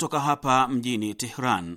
toka hapa mjini Tehran.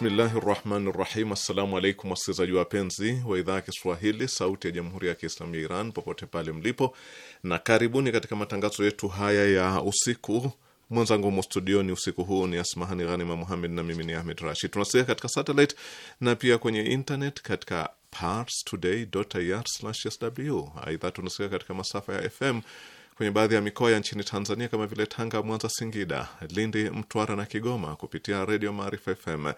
Bismillahi rahmani rahim. Assalamu alaikum wasikilizaji wapenzi wa idhaa ya Kiswahili sauti ya jamhuri ya Kiislamu ya Iran popote pale mlipo, na karibuni katika matangazo yetu haya ya usiku. Mwenzangu mo studioni usiku huu ni Asmahani Ghanima Muhamed na mimi ni Ahmed Rashid. Tunasikia katika satelit na pia kwenye internet katika parstoday.ir/sw. Aidha, tunasikia katika masafa ya FM kwenye baadhi ya mikoa ya nchini Tanzania kama vile Tanga, Mwanza, Singida, Lindi, Mtwara na Kigoma kupitia Redio Maarifa FM.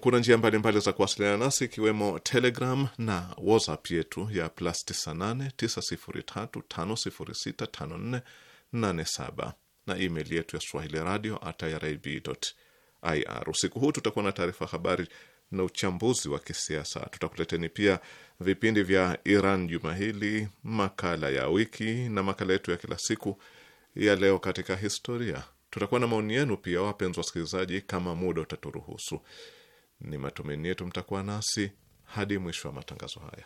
Kuna njia mbalimbali za kuwasiliana nasi ikiwemo Telegram na WhatsApp yetu ya plus 989035065487 na email yetu ya swahili radio at irib.ir. Usiku huu tutakuwa na taarifa habari na uchambuzi wa kisiasa. Tutakuleteni pia vipindi vya Iran juma hili, makala ya wiki na makala yetu ya kila siku ya leo katika historia. Tutakuwa na maoni yenu pia, wapenzi wasikilizaji, kama muda utaturuhusu. Ni matumaini yetu mtakuwa nasi hadi mwisho wa matangazo haya.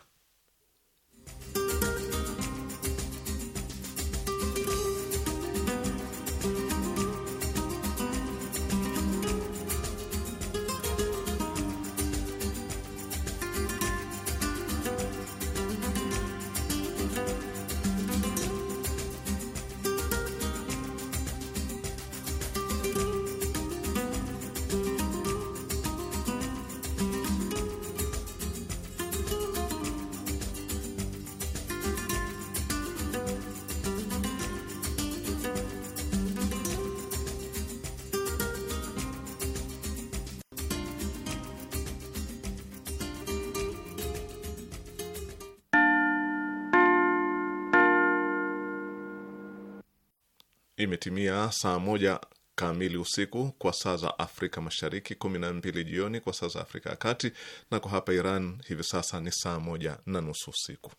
Imetimia saa moja kamili usiku kwa saa za Afrika Mashariki, kumi na mbili jioni kwa saa za Afrika ya Kati, na kwa hapa Iran hivi sasa ni saa moja na nusu usiku.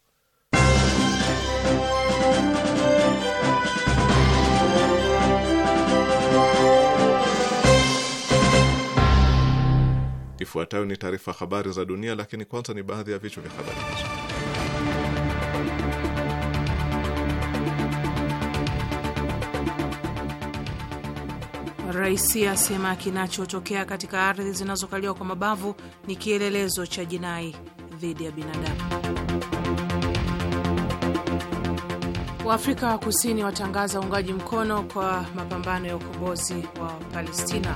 Ifuatayo ni taarifa habari za dunia, lakini kwanza ni baadhi ya vichwa vya habari hizo. Raisi asema kinachotokea katika ardhi zinazokaliwa kwa mabavu ni kielelezo cha jinai dhidi ya binadamu. Waafrika wa Kusini watangaza uungaji mkono kwa mapambano ya ukombozi wa Palestina.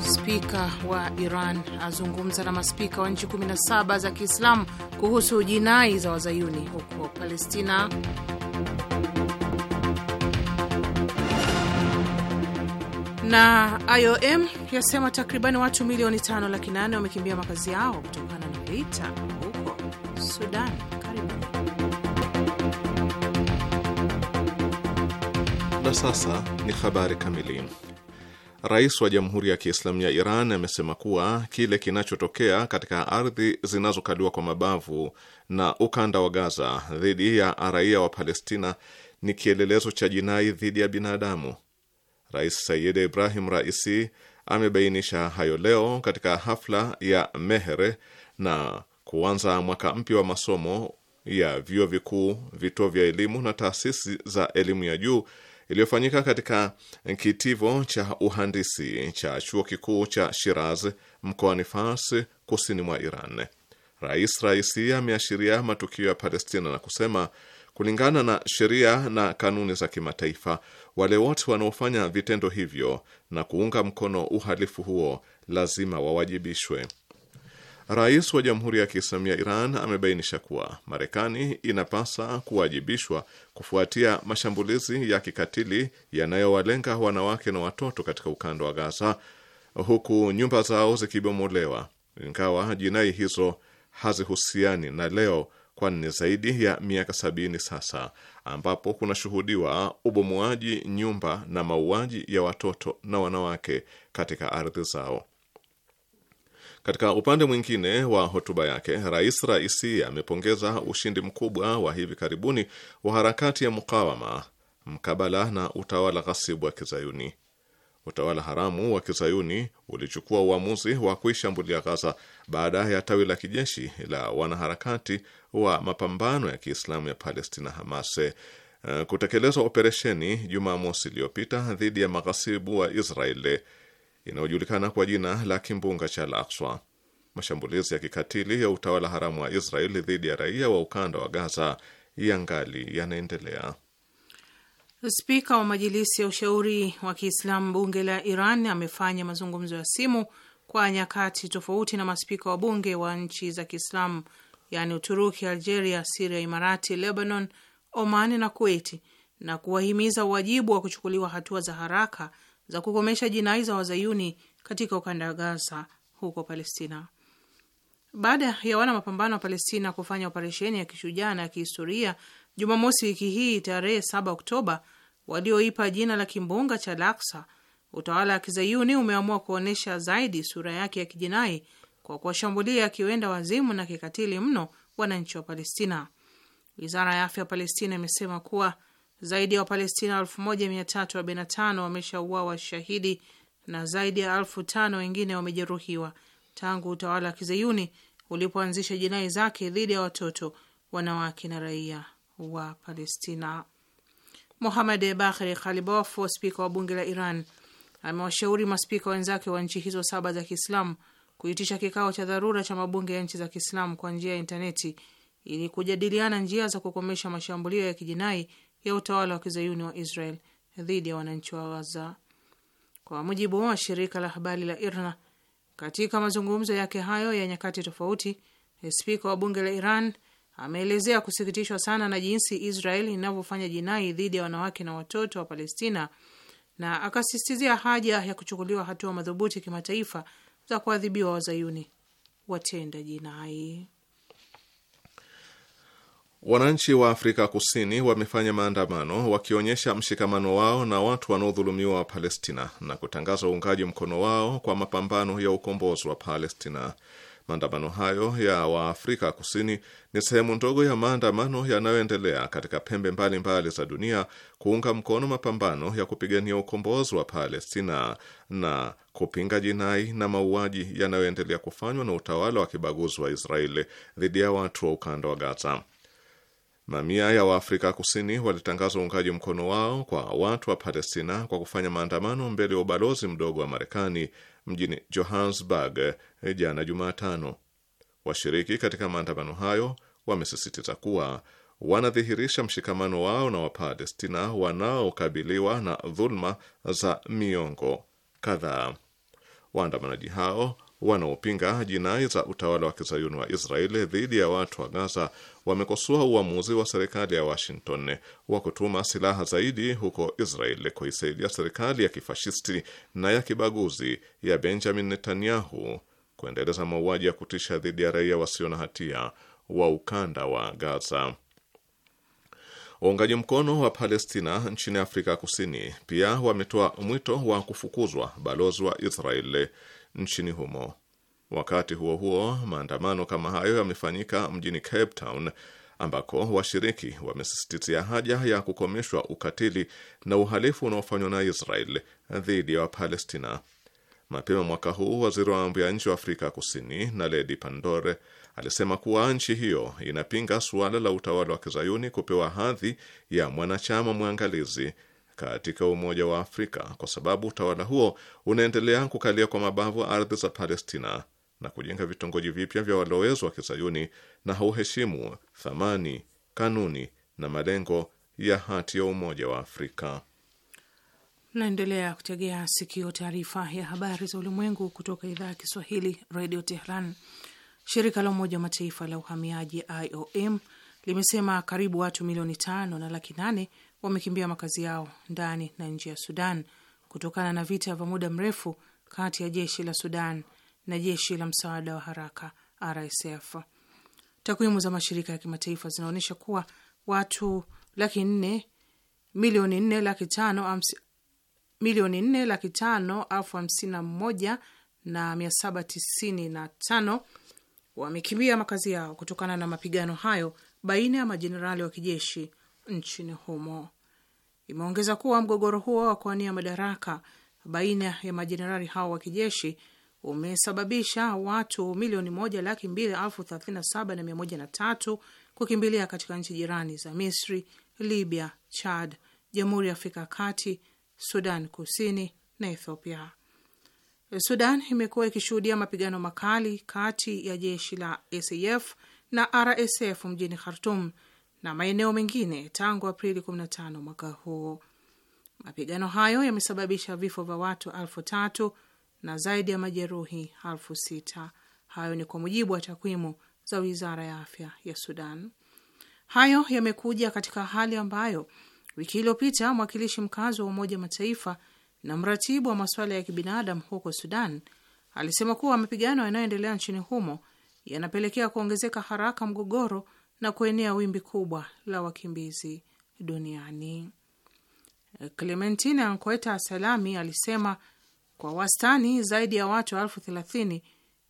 Spika wa Iran azungumza na maspika wa nchi 17 za Kiislamu kuhusu jinai za wazayuni huko Palestina. na IOM yasema takribani watu milioni tano laki nane wamekimbia makazi yao kutokana na vita huko Sudan. Karibu na sasa ni habari kamili. Rais wa Jamhuri ya Kiislamu ya Iran amesema kuwa kile kinachotokea katika ardhi zinazokaliwa kwa mabavu na ukanda wa Gaza dhidi ya raia wa Palestina ni kielelezo cha jinai dhidi ya binadamu. Rais Sayid Ibrahim Raisi amebainisha hayo leo katika hafla ya Mehere na kuanza mwaka mpya wa masomo ya vyuo vikuu, vituo vya elimu na taasisi za elimu ya juu iliyofanyika katika kitivo cha uhandisi cha chuo kikuu cha Shiraz mkoani Fars, kusini mwa Iran. Rais Raisi ameashiria matukio ya Palestina na kusema kulingana na sheria na kanuni za kimataifa wale wote wanaofanya vitendo hivyo na kuunga mkono uhalifu huo lazima wawajibishwe. Rais wa Jamhuri ya Kiislamu ya Iran amebainisha kuwa Marekani inapasa kuwajibishwa kufuatia mashambulizi ya kikatili yanayowalenga wanawake na watoto katika ukanda wa Gaza, huku nyumba zao zikibomolewa, ingawa jinai hizo hazihusiani na leo kwani ni zaidi ya miaka sabini sasa ambapo kunashuhudiwa ubomoaji nyumba na mauaji ya watoto na wanawake katika ardhi zao. Katika upande mwingine wa hotuba yake, Rais Raisi amepongeza ushindi mkubwa wa hivi karibuni wa harakati ya mukawama mkabala na utawala ghasibu wa Kizayuni. Utawala haramu wa Kizayuni ulichukua uamuzi wa kuishambulia Gaza baada ya tawi la kijeshi la wanaharakati wa mapambano ya Kiislamu ya Palestina Hamas eh, kutekelezwa operesheni Jumamosi iliyopita dhidi ya maghasibu wa Israeli eh, inayojulikana kwa jina la kimbunga cha Al-Aqsa. Mashambulizi ya kikatili ya utawala haramu wa Israeli dhidi ya raia wa ukanda wa Gaza yangali yanaendelea. Spika wa Majilisi ya Ushauri wa Kiislamu bunge la Iran amefanya mazungumzo ya simu kwa nyakati tofauti na maspika wa bunge wa nchi za Kiislamu yaani Uturuki, Algeria, Siria, Imarati, Lebanon, Omani na Kuwaiti, na kuwahimiza uwajibu wa kuchukuliwa hatua za haraka za kukomesha jinai za wazayuni katika ukanda wa Gaza huko Palestina. Baada ya wana mapambano wa Palestina kufanya operesheni ya kishujaa na ya kihistoria Jumamosi wiki hii tarehe 7 Oktoba, walioipa jina la kimbunga cha Laksa, utawala wa kizayuni umeamua kuonyesha zaidi sura yake ya kijinai kwa kuwashambulia kiwenda wazimu na kikatili mno wananchi wa Palestina. Wizara ya afya ya Palestina imesema kuwa zaidi ya Wapalestina 1345 wameshauawa shahidi na zaidi ya elfu tano wengine wamejeruhiwa tangu utawala wa kizayuni ulipoanzisha jinai zake dhidi ya watoto, wanawake na raia wa Palestina. Mohamed Bakhri Khalibof, spika wa bunge la Iran, amewashauri maspika wenzake wa nchi hizo saba za Kiislamu kuitisha kikao cha dharura cha mabunge ya nchi za Kiislamu kwa njia ya intaneti ili kujadiliana njia za kukomesha mashambulio ya kijinai ya utawala wa kizayuni wa Israel dhidi ya wananchi wa Gaza. Kwa mujibu wa shirika la habari la IRNA, katika mazungumzo yake hayo ya nyakati tofauti, spika wa bunge la Iran ameelezea kusikitishwa sana na jinsi Israel inavyofanya jinai dhidi ya wanawake na watoto wa Palestina na akasisitizia haja ya kuchukuliwa hatua madhubuti kimataifa za kuadhibiwa wazayuni watenda jinai. Wananchi wa Afrika Kusini wamefanya maandamano wakionyesha mshikamano wao na watu wanaodhulumiwa wa Palestina na kutangaza uungaji mkono wao kwa mapambano ya ukombozi wa Palestina. Maandamano hayo ya Waafrika Kusini ni sehemu ndogo ya maandamano yanayoendelea katika pembe mbalimbali mbali za dunia kuunga mkono mapambano ya kupigania ukombozi wa Palestina na kupinga jinai na mauaji yanayoendelea kufanywa na utawala wa kibaguzi wa Israeli dhidi ya watu wa ukanda wa Gaza. Mamia ya Waafrika Kusini walitangaza uungaji mkono wao kwa watu wa Palestina kwa kufanya maandamano mbele ya ubalozi mdogo wa Marekani mjini Johannesburg eh, jana Jumatano. Washiriki katika maandamano hayo wamesisitiza kuwa wanadhihirisha mshikamano wao na Wapalestina wanaokabiliwa na dhuluma za miongo kadhaa. Waandamanaji hao wanaopinga jinai za utawala wa kizayuni wa Israeli dhidi ya watu wa Gaza wamekosoa uamuzi wa serikali ya Washington wa kutuma silaha zaidi huko Israel kuisaidia serikali ya kifashisti na ya kibaguzi ya Benjamin Netanyahu kuendeleza mauaji ya kutisha dhidi ya raia wasio na hatia wa ukanda wa Gaza. Waungaji mkono wa Palestina nchini Afrika Kusini pia wametoa mwito wa kufukuzwa balozi wa Israel nchini humo Wakati huo huo, maandamano kama hayo yamefanyika mjini Cape Town ambako washiriki wamesisitizia haja ya kukomeshwa ukatili na uhalifu unaofanywa na Israel dhidi ya Wapalestina. Mapema mwaka huu waziri wa mambo ya nje wa Afrika Kusini Naledi pandore alisema kuwa nchi hiyo inapinga suala la utawala wa kizayuni kupewa hadhi ya mwanachama mwangalizi katika Umoja wa Afrika kwa sababu utawala huo unaendelea kukalia kwa mabavu ardhi za Palestina na kujenga vitongoji vipya vya walowezi wa kizayuni na hauheshimu thamani, kanuni na malengo ya hati ya Umoja wa Afrika. Naendelea kutegea sikio taarifa ya habari za ulimwengu kutoka idhaa ya Kiswahili, Radio Tehran. Shirika la Umoja wa Mataifa la uhamiaji IOM limesema karibu watu milioni tano na laki nane wamekimbia makazi yao ndani na nje ya Sudan kutokana na vita vya muda mrefu kati ya jeshi la Sudan na jeshi la msaada wa haraka RSF. Takwimu za mashirika ya kimataifa zinaonyesha kuwa watu laki nne milioni nne laki tano milioni nne laki tano alfu hamsini na moja na mia saba tisini na tano wamekimbia makazi yao kutokana na mapigano hayo baina ya majenerali wa kijeshi nchini humo. Imeongeza kuwa mgogoro huo wa kuania madaraka baina ya majenerali hao wa kijeshi umesababisha watu milioni moja laki mbili elfu thelathini na saba na mia moja na tatu kukimbilia katika nchi jirani za Misri, Libya, Chad, Jamhuri ya Afrika ya Kati, Sudan Kusini na Ethiopia. Sudan imekuwa ikishuhudia mapigano makali kati ya jeshi la SAF na RSF mjini Khartum na maeneo mengine tangu Aprili 15 mwaka huu. Mapigano hayo yamesababisha vifo vya watu elfu tatu na zaidi ya majeruhi elfu sita. Hayo ni kwa mujibu wa takwimu za wizara ya afya ya Sudan. Hayo yamekuja katika hali ambayo wiki iliyopita mwakilishi mkazi wa Umoja wa Mataifa na mratibu wa masuala ya kibinadamu huko Sudan alisema kuwa mapigano yanayoendelea nchini humo yanapelekea kuongezeka haraka mgogoro na kuenea wimbi kubwa la wakimbizi duniani. Clementine Nkweta Salami alisema kwa wastani zaidi ya watu elfu thelathini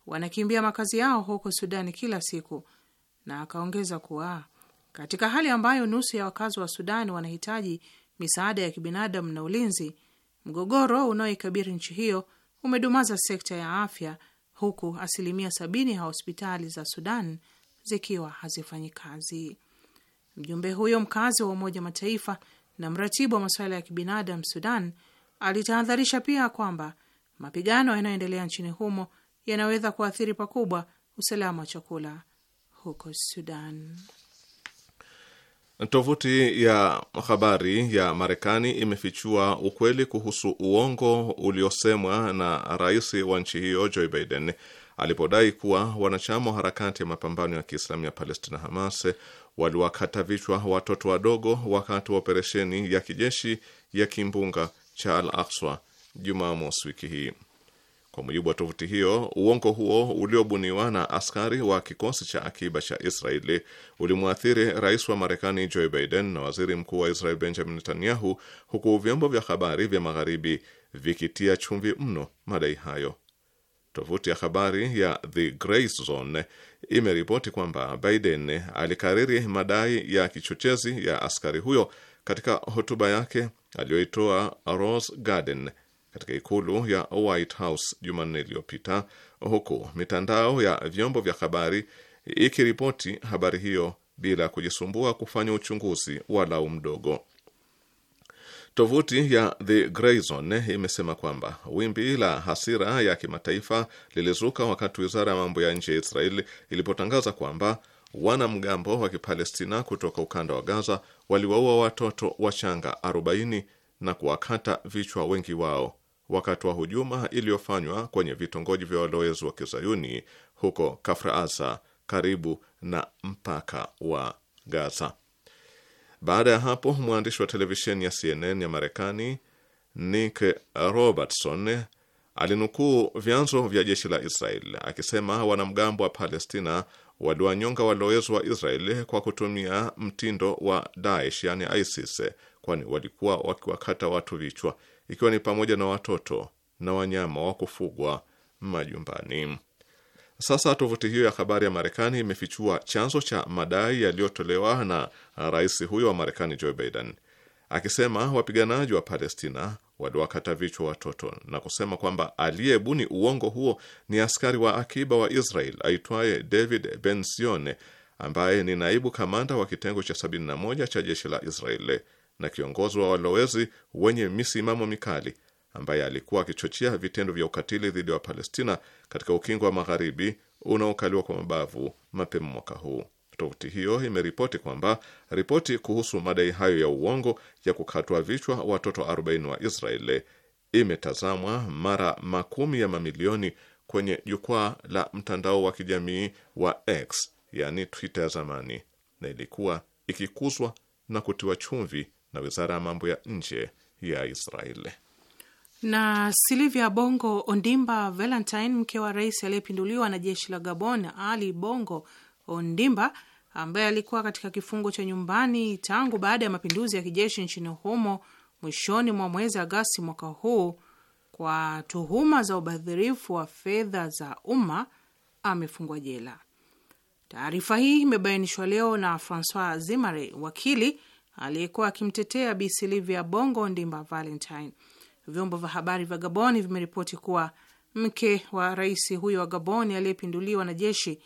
wanakimbia makazi yao huko Sudani kila siku, na akaongeza kuwa katika hali ambayo nusu ya wakazi wa Sudani wanahitaji misaada ya kibinadamu na ulinzi, mgogoro unaoikabiri nchi hiyo umedumaza sekta ya afya, huku asilimia sabini ya hospitali za Sudan zikiwa hazifanyi kazi. Mjumbe huyo mkazi wa Umoja Mataifa na mratibu wa masuala ya kibinadamu Sudan alitahadharisha pia kwamba mapigano yanayoendelea nchini humo yanaweza kuathiri pakubwa usalama wa chakula huko Sudan. Tovuti ya habari ya Marekani imefichua ukweli kuhusu uongo uliosemwa na rais wa nchi hiyo Joe Biden alipodai kuwa wanachama wa harakati ya mapambano ya Kiislamu ya Palestina, Hamas, waliwakata vichwa watoto wadogo wakati wa operesheni ya kijeshi ya kimbunga cha Al Akswa Jumamosi wiki hii. Kwa mujibu wa tovuti hiyo, uongo huo uliobuniwa na askari wa kikosi cha akiba cha Israeli ulimwathiri rais wa Marekani Joe Biden na waziri mkuu wa Israel Benjamin Netanyahu, huku vyombo vya habari vya magharibi vikitia chumvi mno madai hayo. Tovuti ya habari ya The Gray Zone imeripoti kwamba Biden alikariri madai ya kichochezi ya askari huyo katika hotuba yake aliyoitoa Rose Garden katika ikulu ya White House Jumanne iliyopita, huku mitandao ya vyombo vya habari ikiripoti habari hiyo bila kujisumbua kufanya uchunguzi walau mdogo. Tovuti ya The Grey Zone imesema kwamba wimbi la hasira ya kimataifa lilizuka wakati wizara ya mambo ya nje ya Israeli ilipotangaza kwamba wanamgambo wa Kipalestina kutoka ukanda wa Gaza waliwaua watoto wachanga 40 na kuwakata vichwa wengi wao wakati wa hujuma iliyofanywa kwenye vitongoji vya walowezi wa kizayuni huko Kafr Aza karibu na mpaka wa Gaza. Baada ya hapo, mwandishi wa televisheni ya CNN ya Marekani Nick Robertson alinukuu vyanzo vya jeshi la Israel akisema wanamgambo wa Palestina waliwanyonga walowezi wa Israel kwa kutumia mtindo wa Daesh, yani ISIS, kwani walikuwa wakiwakata watu vichwa ikiwa ni pamoja na watoto na wanyama wa kufugwa majumbani. Sasa tovuti hiyo ya habari ya Marekani imefichua chanzo cha madai yaliyotolewa na rais huyo wa Marekani Joe Biden akisema wapiganaji wa Palestina waliwakata vichwa watoto na kusema kwamba aliyebuni uongo huo ni askari wa akiba wa Israel aitwaye David Ben sione ambaye ni naibu kamanda wa kitengo cha 71 cha jeshi la Israeli na kiongozi wa walowezi wenye misimamo mikali ambaye alikuwa akichochea vitendo vya ukatili dhidi ya Palestina katika ukingo wa magharibi unaokaliwa kwa mabavu mapema mwaka huu. Tovuti hiyo imeripoti kwamba ripoti kuhusu madai hayo ya uongo ya kukatwa vichwa watoto 40 wa Israeli imetazamwa mara makumi ya mamilioni kwenye jukwaa la mtandao wa kijamii wa X, yani Twitter ya zamani, na ilikuwa ikikuzwa na kutiwa chumvi na wizara ya mambo ya nje ya Israeli. Na Silivia Bongo Ondimba Valentine, mke wa rais aliyepinduliwa na jeshi la Gabon Ali Bongo Ondimba, ambaye alikuwa katika kifungo cha nyumbani tangu baada ya mapinduzi ya kijeshi nchini humo mwishoni mwa mwezi Agasti mwaka huu kwa tuhuma za ubadhirifu wa fedha za umma amefungwa jela. Taarifa hii imebainishwa leo na Francois Zimare, wakili aliyekuwa akimtetea Bi silivia Bongo Ndimba Valentine. Vyombo vya habari vya Gaboni vimeripoti kuwa mke wa rais huyo wa Gaboni aliyepinduliwa na jeshi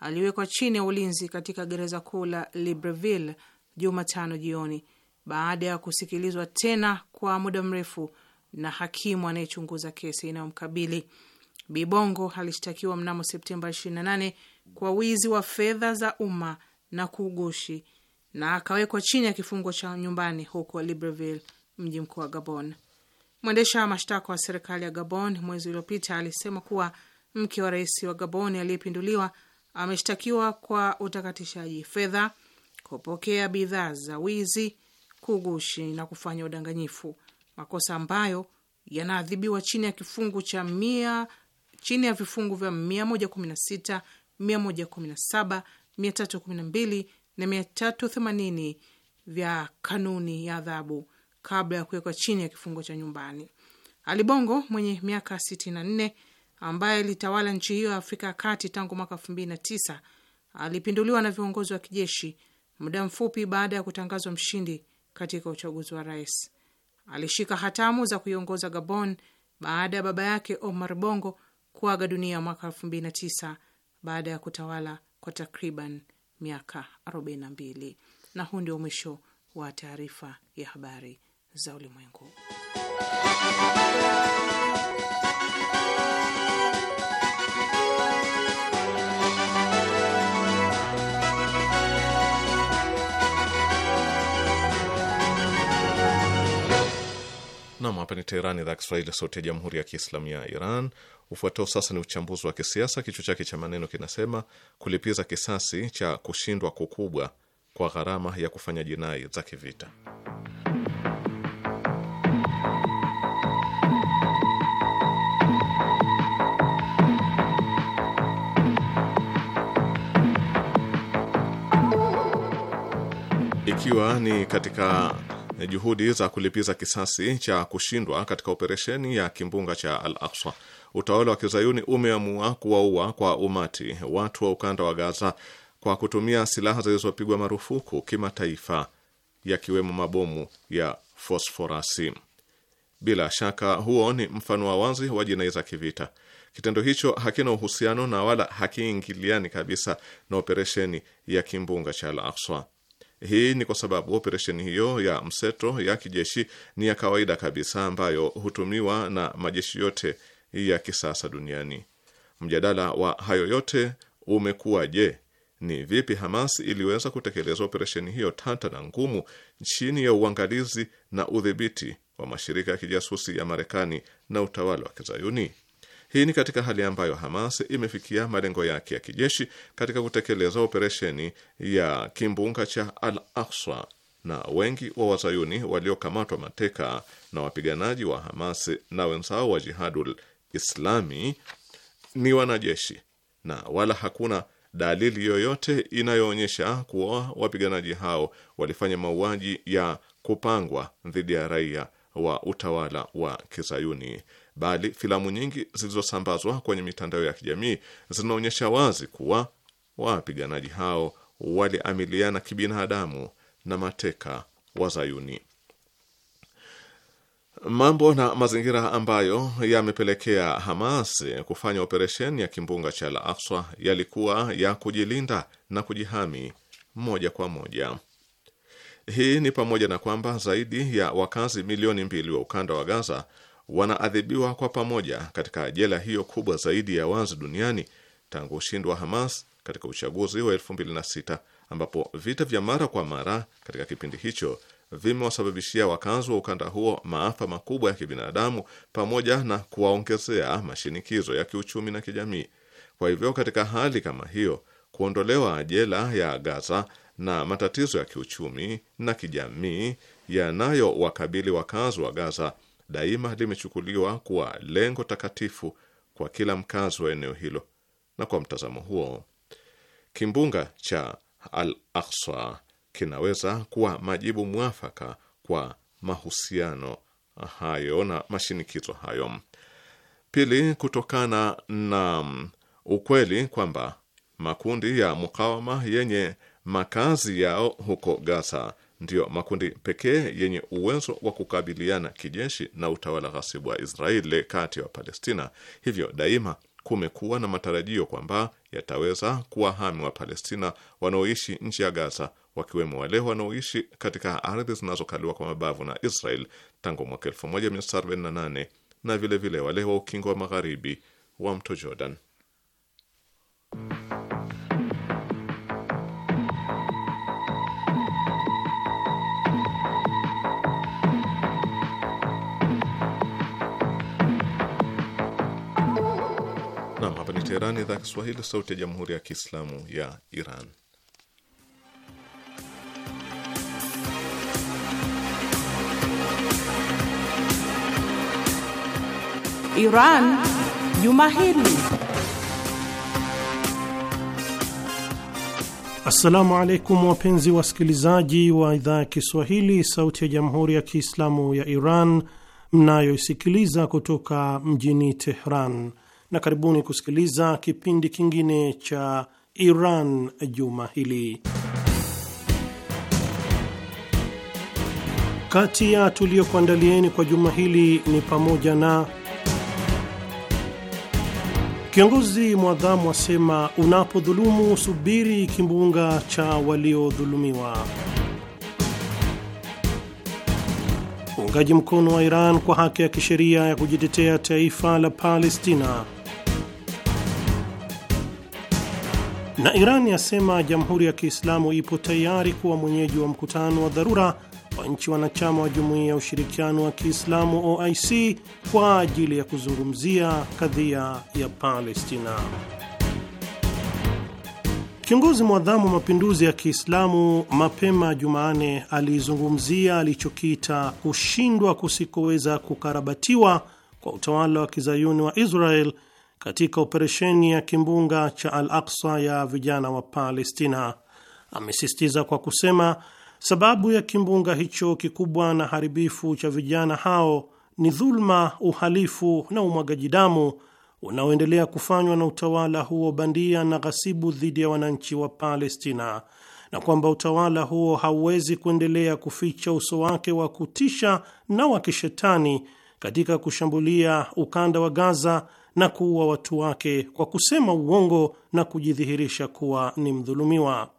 aliwekwa chini ya ulinzi katika gereza kuu la Libreville Jumatano jioni baada ya kusikilizwa tena kwa muda mrefu na hakimu anayechunguza kesi inayomkabili Bibongo. Alishtakiwa mnamo Septemba 28 kwa wizi wa fedha za umma na kugushi na akawekwa chini ya kifungo cha nyumbani huko Libreville, mji mkuu wa Gabon. Mwendesha wa mashtaka wa serikali ya Gabon mwezi uliopita alisema kuwa mke wa rais wa Gabon aliyepinduliwa ameshtakiwa kwa utakatishaji fedha, kupokea bidhaa za wizi, kugushi na kufanya udanganyifu, makosa ambayo yanaadhibiwa chini ya kifungu cha mia, chini ya vifungu vya 116, 117, 312 na themanini vya kanuni ya adhabu kabla ya kuwekwa chini ya kifungo cha nyumbani. Ali Bongo mwenye miaka 64 ambaye alitawala nchi hiyo ya Afrika ya Kati tangu mwaka tisa alipinduliwa na viongozi wa kijeshi muda mfupi baada ya kutangazwa mshindi katika uchaguzi wa rais. Alishika hatamu za kuiongoza Gabon baada ya baba yake Omar Bongo kuaga dunia mwaka tisa baada ya kutawala kwa takriban miaka 42. Na huu ndio mwisho wa taarifa ya habari za ulimwengu. Nam, hapa ni Teherani, idhaa Kiswahili, sauti ya jamhuri ya kiislamu ya Iran. Ufuatao sasa ni uchambuzi wa kisiasa, kichwa chake cha maneno kinasema kulipiza kisasi cha kushindwa kukubwa kwa gharama ya kufanya jinai za kivita. Ikiwa ni katika juhudi za kulipiza kisasi cha kushindwa katika operesheni ya kimbunga cha Al Aqsa. utawala wa kizayuni umeamua kuwaua kwa umati watu wa ukanda wa Gaza kwa kutumia silaha zilizopigwa marufuku kimataifa, yakiwemo mabomu ya fosforasi. Bila shaka huo ni mfano wa wazi wa jinai za kivita. Kitendo hicho hakina uhusiano na wala hakiingiliani kabisa na operesheni ya kimbunga cha Al Aqsa. Hii ni kwa sababu operesheni hiyo ya mseto ya kijeshi ni ya kawaida kabisa ambayo hutumiwa na majeshi yote ya kisasa duniani. Mjadala wa hayo yote umekuwa je, ni vipi Hamas iliweza kutekeleza operesheni hiyo tata na ngumu chini ya uangalizi na udhibiti wa mashirika ya kijasusi ya Marekani na utawala wa Kizayuni? Hii ni katika hali ambayo Hamas imefikia malengo yake ya kijeshi katika kutekeleza operesheni ya kimbunga cha Al Aqsa, na wengi wa wazayuni waliokamatwa mateka na wapiganaji wa Hamas na wenzao wa Jihadul Islami ni wanajeshi na wala hakuna dalili yoyote inayoonyesha kuwa wapiganaji hao walifanya mauaji ya kupangwa dhidi ya raia wa utawala wa kizayuni bali filamu nyingi zilizosambazwa kwenye mitandao ya kijamii zinaonyesha wazi kuwa wapiganaji hao waliamiliana kibinadamu na mateka wazayuni. Mambo na mazingira ambayo yamepelekea Hamas kufanya operesheni ya kimbunga cha Al-Aqsa yalikuwa ya kujilinda na kujihami moja kwa moja. Hii ni pamoja na kwamba zaidi ya wakazi milioni mbili wa ukanda wa Gaza wanaadhibiwa kwa pamoja katika jela hiyo kubwa zaidi ya wazi duniani tangu ushindi wa Hamas katika uchaguzi wa 2006 ambapo vita vya mara kwa mara katika kipindi hicho vimewasababishia wakazi wa ukanda huo maafa makubwa ya kibinadamu pamoja na kuwaongezea mashinikizo ya kiuchumi na kijamii. Kwa hivyo, katika hali kama hiyo, kuondolewa jela ya Gaza na matatizo ya kiuchumi na kijamii yanayowakabili wakazi wa Gaza daima limechukuliwa kuwa lengo takatifu kwa kila mkazi wa eneo hilo, na kwa mtazamo huo kimbunga cha Al-Aqsa kinaweza kuwa majibu mwafaka kwa mahusiano hayo na mashinikizo hayo. Pili, kutokana na mm, ukweli kwamba makundi ya mukawama yenye makazi yao huko Gaza ndiyo makundi pekee yenye uwezo wa kukabiliana kijeshi na utawala ghasibu wa Israeli kati ya wa Wapalestina. Hivyo daima kumekuwa na matarajio kwamba yataweza kuwahami wa Palestina wanaoishi nchi ya Gaza, wakiwemo wale wanaoishi katika ardhi zinazokaliwa kwa mabavu na Israel tangu mwaka 1948 na vilevile vile wale wa ukingo wa magharibi wa mto Jordan. Teheran, idhaa Kiswahili, sauti ya jamhuri ya kiislamu ya Iran. Iran juma hili. Assalamu alaikum wapenzi wasikilizaji wa idhaa ya Kiswahili, sauti ya jamhuri ya kiislamu ya Iran mnayoisikiliza kutoka mjini Tehran na karibuni kusikiliza kipindi kingine cha Iran juma hili. Kati ya tuliyokuandalieni kwa juma hili ni pamoja na kiongozi mwadhamu asema unapodhulumu subiri kimbunga cha waliodhulumiwa, uungaji mkono wa Iran kwa haki ya kisheria ya kujitetea taifa la Palestina Na Iran yasema Jamhuri ya Kiislamu ipo tayari kuwa mwenyeji wa mkutano wa dharura wa nchi wanachama wa Jumuiya ya Ushirikiano wa Kiislamu OIC kwa ajili ya kuzungumzia kadhia ya Palestina. Kiongozi mwadhamu wa mapinduzi ya Kiislamu mapema Jumane alizungumzia alichokiita kushindwa kusikoweza kukarabatiwa kwa utawala wa kizayuni wa Israel katika operesheni ya kimbunga cha Al-Aqsa ya vijana wa Palestina. Amesisitiza kwa kusema sababu ya kimbunga hicho kikubwa na haribifu cha vijana hao ni dhulma, uhalifu na umwagaji damu unaoendelea kufanywa na utawala huo bandia na ghasibu dhidi ya wananchi wa Palestina, na kwamba utawala huo hauwezi kuendelea kuficha uso wake wa kutisha na wa kishetani katika kushambulia ukanda wa Gaza na kuua watu wake kwa kusema uongo na kujidhihirisha kuwa ni mdhulumiwa.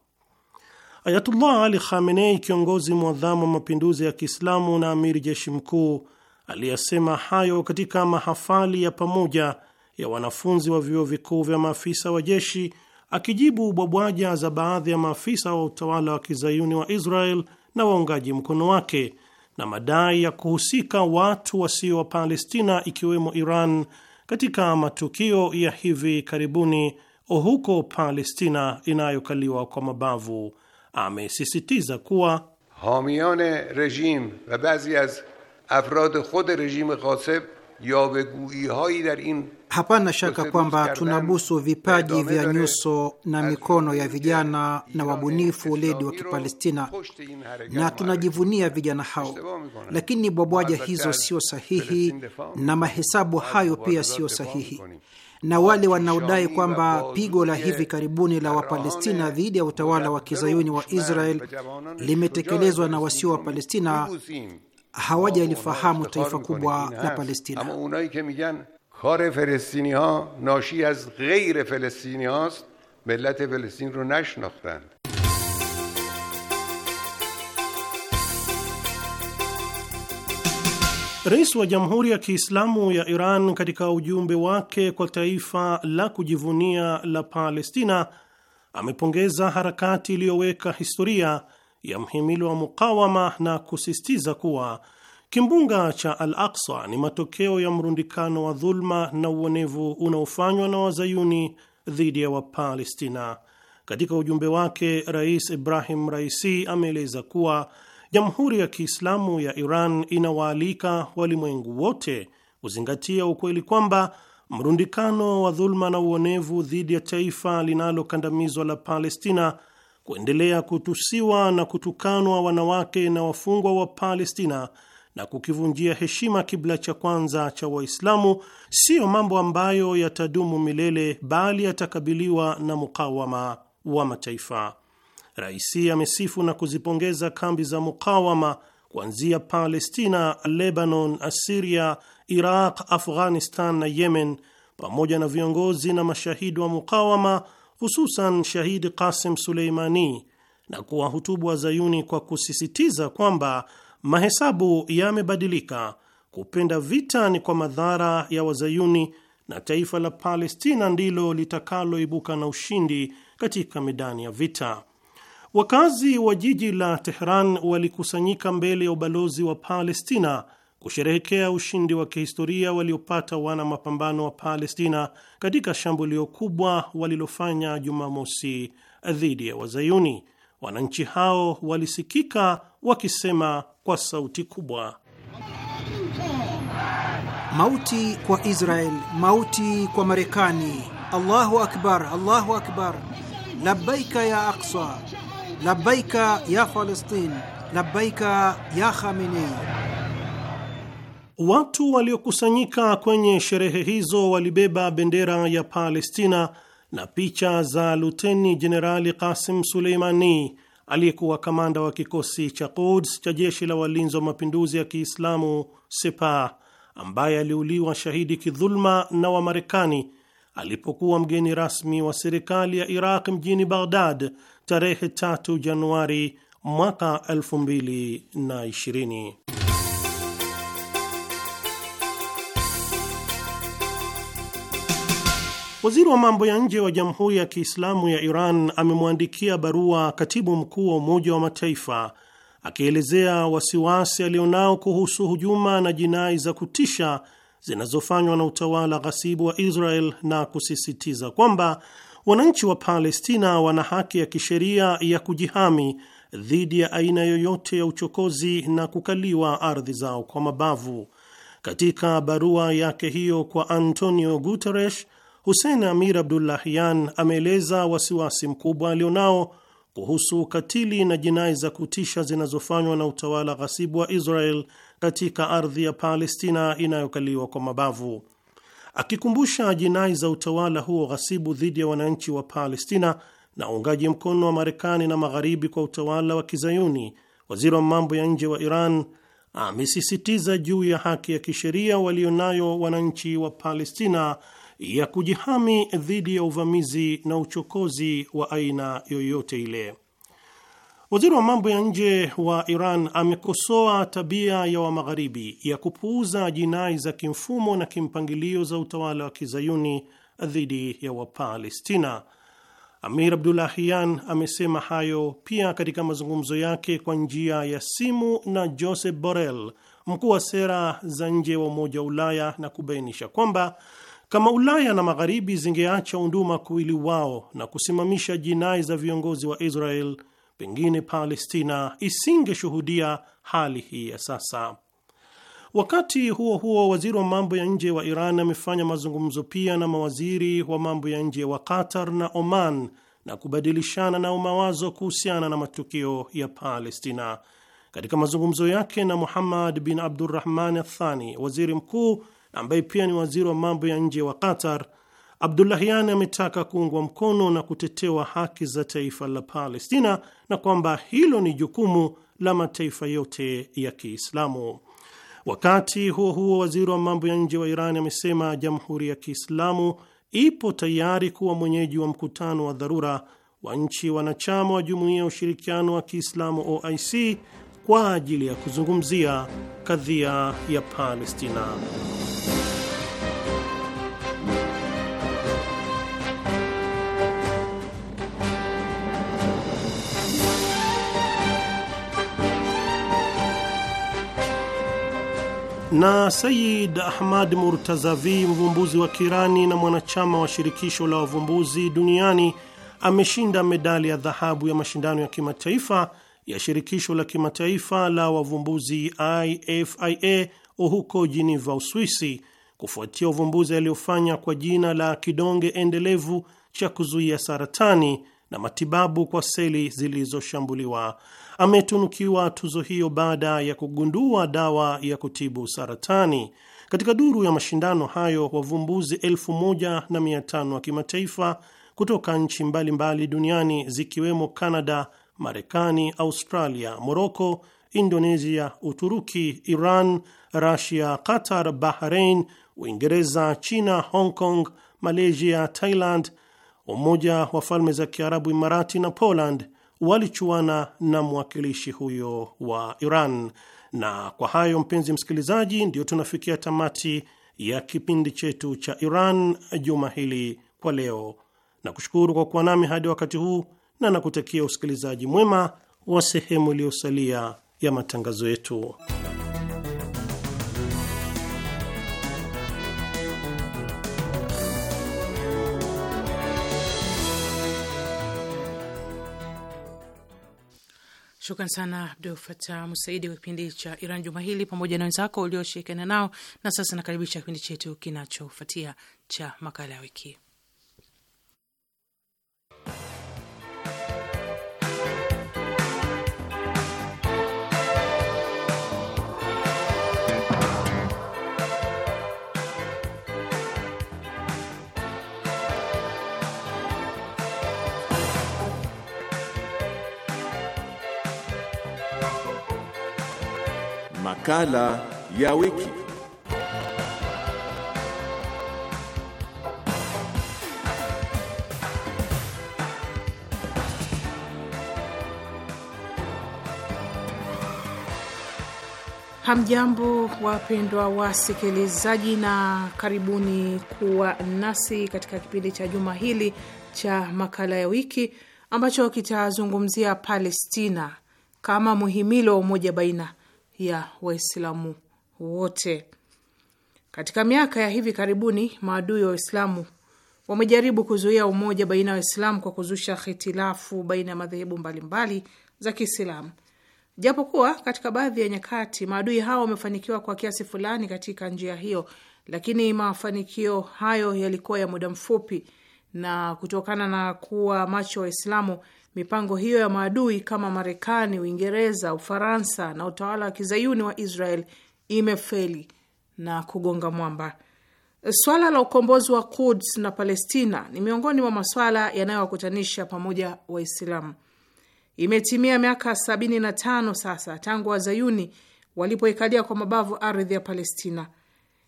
Ayatullah Ali Khamenei, kiongozi mwadhamu wa mapinduzi ya Kiislamu na amiri jeshi mkuu, aliyasema hayo katika mahafali ya pamoja ya wanafunzi wa vyuo vikuu vya maafisa wa jeshi, akijibu bwabwaja za baadhi ya maafisa wa utawala wa kizayuni wa Israel na waungaji mkono wake na madai ya kuhusika watu wasio wa Palestina ikiwemo Iran katika matukio ya hivi karibuni huko Palestina inayokaliwa kwa mabavu, amesisitiza kuwa hamiyan rejim wa bazi az afrad khod rejim ghasib Hapana shaka kwamba tunabusu vipaji vya nyuso na mikono ya vijana na wabunifu weledi wa Kipalestina, na tunajivunia vijana hao, lakini bwabwaja hizo sio sahihi na mahesabu hayo pia siyo sahihi na wale wanaodai kwamba pigo la hivi karibuni la Wapalestina dhidi ya utawala wa kizayuni wa Israel limetekelezwa na wasio wa Palestina hawajalifahamu taifa kubwa la Palestina. Rais wa Jamhuri ya Kiislamu ya Iran katika ujumbe wake kwa taifa la kujivunia la Palestina amepongeza harakati iliyoweka historia ya mhimili wa mukawama na kusisitiza kuwa kimbunga cha Al-Aqsa ni matokeo ya mrundikano wa dhulma na uonevu unaofanywa na wazayuni dhidi ya Wapalestina. Katika ujumbe wake, Rais Ibrahim Raisi ameeleza kuwa Jamhuri ya Kiislamu ya Iran inawaalika walimwengu wote kuzingatia ukweli kwamba mrundikano wa dhulma na uonevu dhidi ya taifa linalokandamizwa la Palestina kuendelea kutusiwa na kutukanwa wanawake na wafungwa wa Palestina na kukivunjia heshima kibla cha kwanza cha Waislamu siyo mambo ambayo yatadumu milele, bali yatakabiliwa na mukawama wa mataifa. Raisi amesifu na kuzipongeza kambi za mukawama kuanzia Palestina, Lebanon, assiria Iraq, Afghanistan na Yemen, pamoja na viongozi na mashahidi wa mukawama hususan shahidi Qasim Suleimani na kuwahutubu wazayuni kwa kusisitiza kwamba mahesabu yamebadilika, kupenda vita ni kwa madhara ya wazayuni na taifa la Palestina ndilo litakaloibuka na ushindi katika medani ya vita. Wakazi wa jiji la Tehran walikusanyika mbele ya ubalozi wa Palestina kusherehekea ushindi wa kihistoria waliopata wana mapambano wa Palestina katika shambulio kubwa walilofanya Jumamosi dhidi ya Wazayuni. Wananchi hao walisikika wakisema kwa sauti kubwa, mauti kwa Israel, mauti kwa Marekani, Allahu akbar, Allahu akbar, labbaika ya Aksa, labbaika ya Falestin, labbaika ya Khamenei. Watu waliokusanyika kwenye sherehe hizo walibeba bendera ya Palestina na picha za Luteni Jenerali Qasim Suleimani aliyekuwa kamanda wa kikosi cha Quds cha jeshi la walinzi wa mapinduzi ya Kiislamu sepa ambaye aliuliwa shahidi kidhuluma na Wamarekani alipokuwa mgeni rasmi wa serikali ya Iraq mjini Baghdad tarehe 3 Januari mwaka 2020. Waziri wa mambo ya nje wa Jamhuri ya Kiislamu ya Iran amemwandikia barua katibu mkuu wa Umoja wa Mataifa akielezea wasiwasi alionao kuhusu hujuma na jinai za kutisha zinazofanywa na utawala ghasibu wa Israel na kusisitiza kwamba wananchi wa Palestina wana haki ya kisheria ya kujihami dhidi ya aina yoyote ya uchokozi na kukaliwa ardhi zao kwa mabavu. Katika barua yake hiyo kwa Antonio Guterres, Hussein Amir Abdullahian ameeleza wasiwasi mkubwa alionao kuhusu ukatili na jinai za kutisha zinazofanywa na utawala ghasibu wa Israel katika ardhi ya Palestina inayokaliwa kwa mabavu. Akikumbusha jinai za utawala huo ghasibu dhidi ya wananchi wa Palestina na uungaji mkono wa Marekani na Magharibi kwa utawala wa Kizayuni, waziri wa mambo ya nje wa Iran amesisitiza juu ya haki ya kisheria walionayo wananchi wa Palestina ya kujihami dhidi ya uvamizi na uchokozi wa aina yoyote ile. Waziri wa mambo ya nje wa Iran amekosoa tabia ya Wamagharibi ya kupuuza jinai za kimfumo na kimpangilio za utawala wa kizayuni dhidi ya Wapalestina. Amir Abdulahian amesema hayo pia katika mazungumzo yake kwa njia ya simu na Josep Borrell, mkuu wa sera za nje wa Umoja wa Ulaya, na kubainisha kwamba kama Ulaya na Magharibi zingeacha unduma kuwili wao na kusimamisha jinai za viongozi wa Israel, pengine Palestina isingeshuhudia hali hii ya sasa. Wakati huo huo, waziri wa mambo ya nje wa Iran amefanya mazungumzo pia na mawaziri wa mambo ya nje wa Qatar na Oman na kubadilishana nao mawazo kuhusiana na matukio ya Palestina. Katika mazungumzo yake na Muhammad bin Abdurrahman Athani, waziri mkuu ambaye pia ni waziri wa mambo ya nje wa Qatar, Abdullahyan ametaka kuungwa mkono na kutetewa haki za taifa la Palestina na kwamba hilo ni jukumu la mataifa yote ya Kiislamu. Wakati huo huo, waziri wa mambo ya nje wa Iran amesema Jamhuri ya Kiislamu ipo tayari kuwa mwenyeji wa mkutano wa dharura wa nchi wanachama wa Jumuiya ya Ushirikiano wa Kiislamu OIC kwa ajili ya kuzungumzia kadhia ya Palestina. na Sayid Ahmad Murtazavi, mvumbuzi wa Kirani na mwanachama wa shirikisho la wavumbuzi duniani, ameshinda medali ya dhahabu ya mashindano ya kimataifa ya shirikisho la kimataifa la wavumbuzi IFIA huko jiniva Uswisi, kufuatia uvumbuzi aliyofanya kwa jina la kidonge endelevu cha kuzuia saratani na matibabu kwa seli zilizoshambuliwa. Ametunukiwa tuzo hiyo baada ya kugundua dawa ya kutibu saratani. Katika duru ya mashindano hayo, wavumbuzi 1500 wa kimataifa kutoka nchi mbalimbali mbali duniani zikiwemo canada Marekani, Australia, Moroko, Indonesia, Uturuki, Iran, Rasia, Qatar, Bahrain, Uingereza, China, Hong Kong, Malaysia, Thailand, Umoja wa Falme za Kiarabu Imarati na Poland walichuana na mwakilishi huyo wa Iran. Na kwa hayo, mpenzi msikilizaji, ndio tunafikia tamati ya kipindi chetu cha Iran juma hili kwa leo, na kushukuru kwa kuwa nami hadi wakati huu na nakutakia usikilizaji mwema wa sehemu iliyosalia ya matangazo yetu. Shukran sana Abdul Fatah Musaidi wa kipindi cha Iran juma hili pamoja na wenzako ulioshirikiana nao. Na sasa nakaribisha kipindi chetu kinachofuatia cha makala ya wiki makala ya wiki. Hamjambo, wapendwa wasikilizaji, na karibuni kuwa nasi katika kipindi cha juma hili cha makala ya wiki ambacho kitazungumzia Palestina kama muhimilo wa umoja baina ya Waislamu wote. Katika miaka ya hivi karibuni, maadui wa Waislamu wamejaribu kuzuia umoja baina ya Waislamu kwa kuzusha hitilafu baina ya madhehebu mbalimbali za Kiislamu. Japokuwa katika baadhi ya nyakati maadui hao wamefanikiwa kwa kiasi fulani katika njia hiyo, lakini mafanikio hayo yalikuwa ya muda mfupi, na kutokana na kuwa macho Waislamu Mipango hiyo ya maadui kama Marekani, Uingereza, Ufaransa na utawala wa kizayuni wa Israel imefeli na kugonga mwamba. Swala la ukombozi wa Kuds na Palestina ni miongoni mwa maswala yanayowakutanisha pamoja Waislamu. Imetimia miaka 75 sasa tangu wazayuni walipoikalia kwa mabavu ardhi ya Palestina.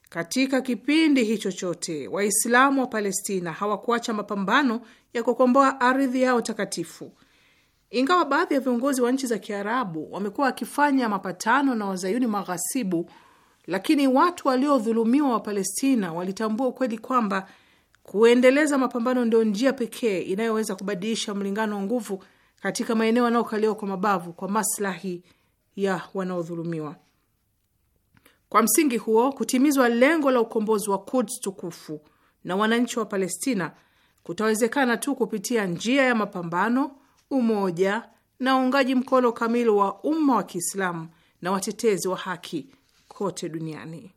Katika kipindi hicho chote Waislamu wa Palestina hawakuacha mapambano ya kukomboa ardhi yao takatifu, ingawa baadhi ya viongozi wa nchi za Kiarabu wamekuwa wakifanya mapatano na wazayuni maghasibu, lakini watu waliodhulumiwa wa Palestina walitambua ukweli kwamba kuendeleza mapambano ndio njia pekee inayoweza kubadilisha mlingano wa nguvu katika maeneo yanayokaliwa kwa mabavu kwa maslahi ya wanaodhulumiwa. Kwa msingi huo, kutimizwa lengo la ukombozi wa kuds tukufu na wananchi wa Palestina kutawezekana tu kupitia njia ya mapambano, umoja na uungaji mkono kamili wa umma wa Kiislamu na watetezi wa haki kote duniani.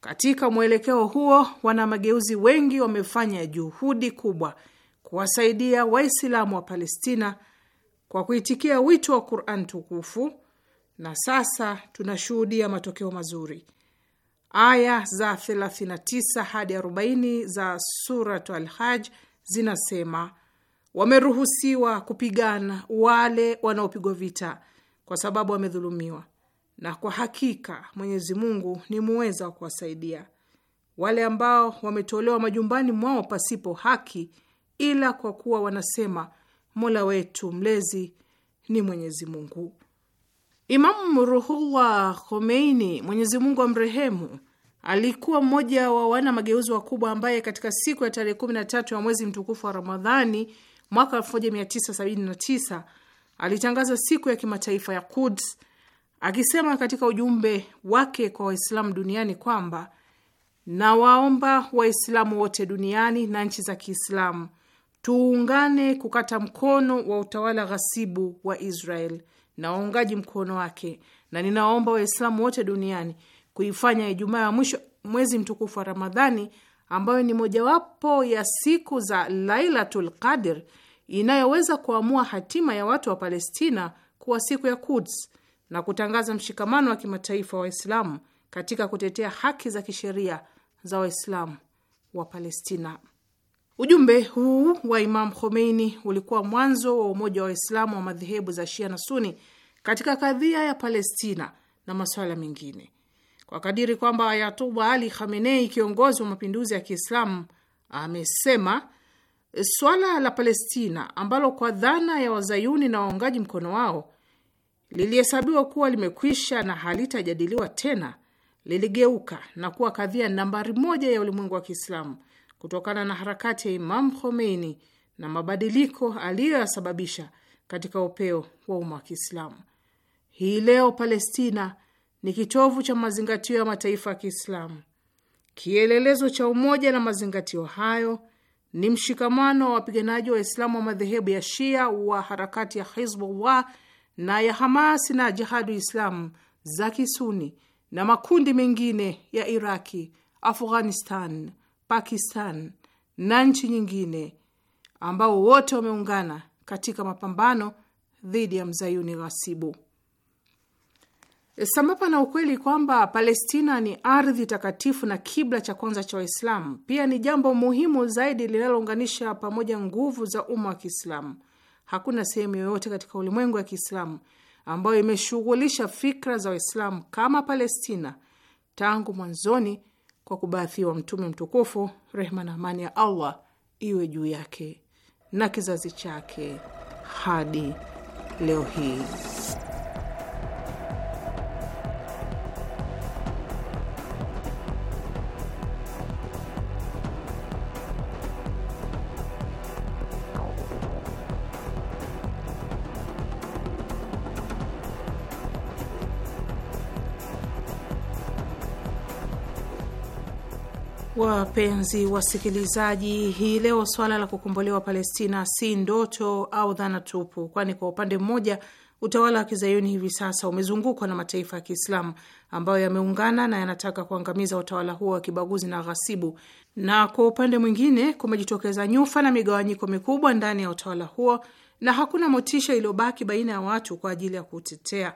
Katika mwelekeo huo, wana mageuzi wengi wamefanya juhudi kubwa kuwasaidia Waislamu wa Palestina kwa kuitikia wito wa Qur'an tukufu na sasa tunashuhudia matokeo mazuri. Aya za 39 hadi 40 za Suratu Alhaj zinasema wameruhusiwa kupigana wale wanaopigwa vita kwa sababu wamedhulumiwa, na kwa hakika Mwenyezi Mungu ni muweza wa kuwasaidia wale ambao wametolewa majumbani mwao pasipo haki, ila kwa kuwa wanasema mola wetu mlezi ni Mwenyezi Mungu. Imamu Ruhullah Khomeini, Mwenyezi Mungu amrehemu, alikuwa mmoja wa wana mageuzi wakubwa ambaye katika siku ya tarehe 13 ya mwezi mtukufu wa Ramadhani mwaka 1979 alitangaza siku ya kimataifa ya Quds akisema katika ujumbe wake kwa Waislamu duniani kwamba nawaomba Waislamu wote duniani na nchi za Kiislamu tuungane kukata mkono wa utawala ghasibu wa Israel na waungaji mkono wake, na ninawaomba Waislamu wote duniani kuifanya Ijumaa ya mwisho mwezi mtukufu wa Ramadhani, ambayo ni mojawapo ya siku za Lailatul Qadr inayoweza kuamua hatima ya watu wa Palestina kuwa siku ya Quds na kutangaza mshikamano wa kimataifa wa Waislamu katika kutetea haki za kisheria za Waislamu wa Palestina. Ujumbe huu wa Imam Khomeini ulikuwa mwanzo wa umoja wa Waislamu wa madhehebu za Shia na Suni katika kadhia ya Palestina na masuala mengine, kwa kadiri kwamba Ayatullah Ali Khamenei, kiongozi wa mapinduzi ya Kiislamu, amesema swala la Palestina ambalo kwa dhana ya wazayuni na waungaji mkono wao lilihesabiwa kuwa limekwisha na halitajadiliwa tena, liligeuka na kuwa kadhia nambari moja ya ulimwengu wa Kiislamu kutokana na harakati ya Imam Khomeini na mabadiliko aliyoyasababisha katika upeo wa umma wa Kiislamu. Hii leo Palestina ni kitovu cha mazingatio ya mataifa ya Kiislamu. Kielelezo cha umoja na mazingatio hayo ni mshikamano wa wapiganaji Waislamu wa madhehebu ya Shia wa harakati ya Hizbullah na ya Hamas na Jihadu Islamu za Kisuni na makundi mengine ya Iraki, Afghanistan, Pakistan na nchi nyingine, ambao wote wameungana katika mapambano dhidi ya mzayuni ghasibu. Sambamba na ukweli kwamba Palestina ni ardhi takatifu na kibla cha kwanza cha Waislamu, pia ni jambo muhimu zaidi linalounganisha pamoja nguvu za umma wa Kiislamu. Hakuna sehemu yoyote katika ulimwengu wa Kiislamu ambayo imeshughulisha fikra za Waislamu kama Palestina tangu mwanzoni kwa kubaathiwa Mtume mtukufu, rehma na amani ya Allah iwe juu yake na kizazi chake hadi leo hii. Wapenzi wasikilizaji, hii leo swala la kukombolewa Palestina si ndoto au dhana tupu, kwani kwa upande mmoja utawala wa kizayuni hivi sasa umezungukwa na mataifa ya Kiislamu ambayo yameungana na yanataka kuangamiza utawala huo wa kibaguzi na ghasibu, na kwa upande mwingine kumejitokeza nyufa na migawanyiko mikubwa ndani ya utawala huo, na hakuna motisha iliyobaki baina ya watu kwa ajili ya kutetea.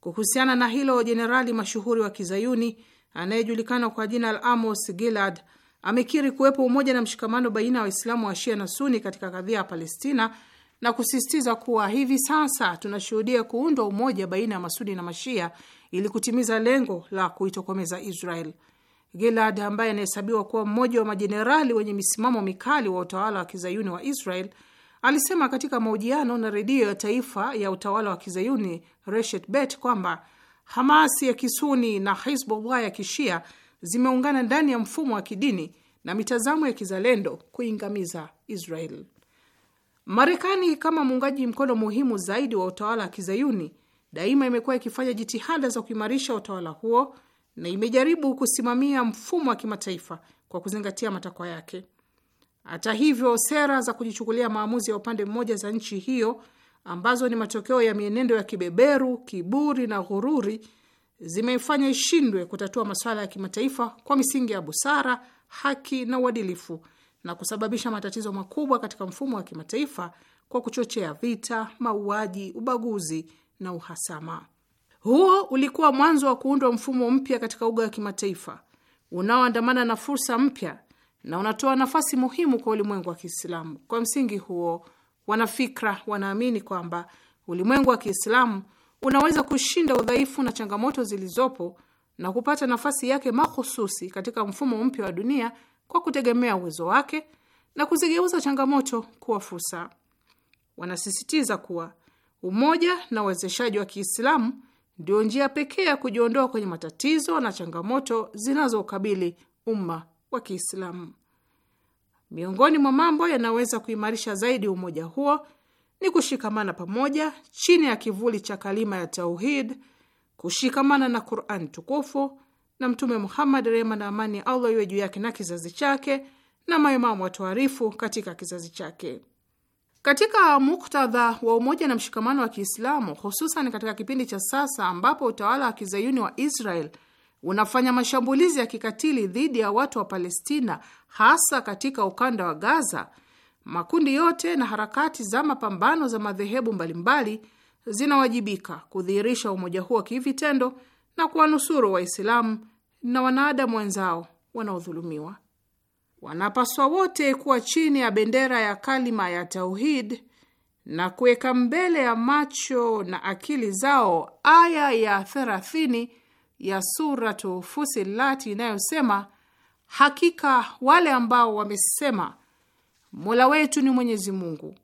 Kuhusiana na hilo, jenerali mashuhuri wa kizayuni anayejulikana kwa jina la Amos Gilad amekiri kuwepo umoja na mshikamano baina ya Waislamu wa Shia na Suni katika kadhia ya Palestina na kusisitiza kuwa hivi sasa tunashuhudia kuundwa umoja baina ya Masuni na Mashia ili kutimiza lengo la kuitokomeza Israel. Gilad ambaye anahesabiwa kuwa mmoja wa majenerali wenye misimamo mikali wa utawala wa kizayuni wa Israel alisema katika mahojiano na redio ya taifa ya utawala wa kizayuni Reshet Bet kwamba Hamasi ya Kisuni na Hizbullah ya Kishia zimeungana ndani ya mfumo wa kidini na mitazamo ya kizalendo kuingamiza Israel. Marekani kama muungaji mkono muhimu zaidi wa utawala wa Kizayuni daima imekuwa ikifanya jitihada za kuimarisha utawala huo na imejaribu kusimamia mfumo wa kimataifa kwa kuzingatia matakwa yake. Hata hivyo, sera za kujichukulia maamuzi ya upande mmoja za nchi hiyo ambazo ni matokeo ya mienendo ya kibeberu, kiburi na ghururi zimeifanya ishindwe kutatua masuala ya kimataifa kwa misingi ya busara, haki na uadilifu na kusababisha matatizo makubwa katika mfumo wa kimataifa kwa kuchochea vita, mauaji, ubaguzi na uhasama. Huo ulikuwa mwanzo wa kuundwa mfumo mpya katika uga wa kimataifa unaoandamana na fursa mpya na unatoa nafasi muhimu kwa ulimwengu wa Kiislamu. Kwa msingi huo Wanafikra wanaamini kwamba ulimwengu wa Kiislamu unaweza kushinda udhaifu na changamoto zilizopo na kupata nafasi yake mahususi katika mfumo mpya wa dunia kwa kutegemea uwezo wake na kuzigeuza changamoto kuwa fursa. Wanasisitiza kuwa umoja na uwezeshaji wa Kiislamu ndio njia pekee ya kujiondoa kwenye matatizo na changamoto zinazoukabili umma wa Kiislamu. Miongoni mwa mambo yanaweza kuimarisha zaidi umoja huo ni kushikamana pamoja chini ya kivuli cha kalima ya tauhid, kushikamana na Quran tukufu na Mtume Muhammad, rehma na amani ya Allah iwe juu yake na kizazi chake, na maimamu watoharifu katika kizazi chake. Katika muktadha wa umoja na mshikamano wa Kiislamu, hususan katika kipindi cha sasa ambapo utawala wa kizayuni wa Israel unafanya mashambulizi ya kikatili dhidi ya watu wa Palestina, hasa katika ukanda wa Gaza, makundi yote na harakati za mapambano za madhehebu mbalimbali zinawajibika kudhihirisha umoja huo kivitendo na kuwanusuru Waislamu na wanaadamu wenzao wanaodhulumiwa. Wanapaswa wote kuwa chini ya bendera ya kalima ya tauhid na kuweka mbele ya macho na akili zao aya ya thelathini ya Suratu Fusilati inayosema, hakika wale ambao wamesema mola wetu ni Mwenyezi Mungu,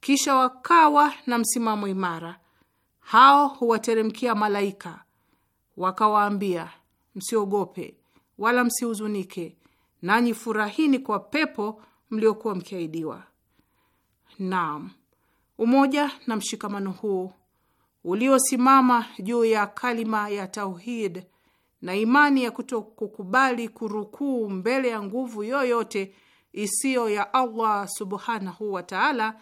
kisha wakawa na msimamo imara, hao huwateremkia malaika wakawaambia, msiogope wala msihuzunike, nanyi furahini kwa pepo mliokuwa mkiaidiwa Naam, umoja na mshikamano huu uliosimama juu ya kalima ya tauhid na imani ya kutokukubali kurukuu mbele ya nguvu yoyote isiyo ya Allah subhanahu wa taala,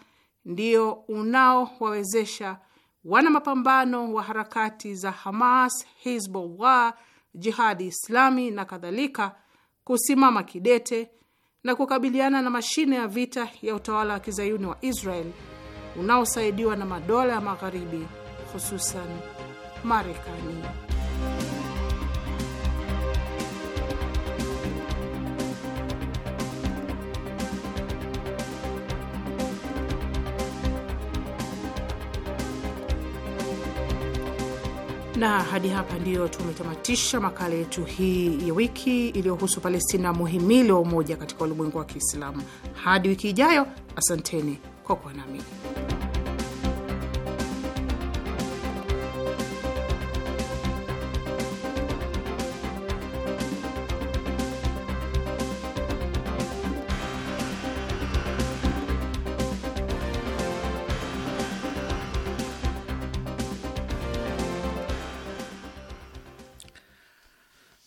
ndio unaowawezesha wana mapambano wa harakati za Hamas, Hizbullah, Jihadi Islami na kadhalika kusimama kidete na kukabiliana na mashine ya vita ya utawala wa kizayuni wa Israel unaosaidiwa na madola ya Magharibi hususan Marekani. Na hadi hapa ndiyo tumetamatisha makala yetu hii ya wiki iliyohusu Palestina, muhimili wa umoja katika ulimwengu wa Kiislamu. Hadi wiki ijayo, asanteni kwa kuwa nami.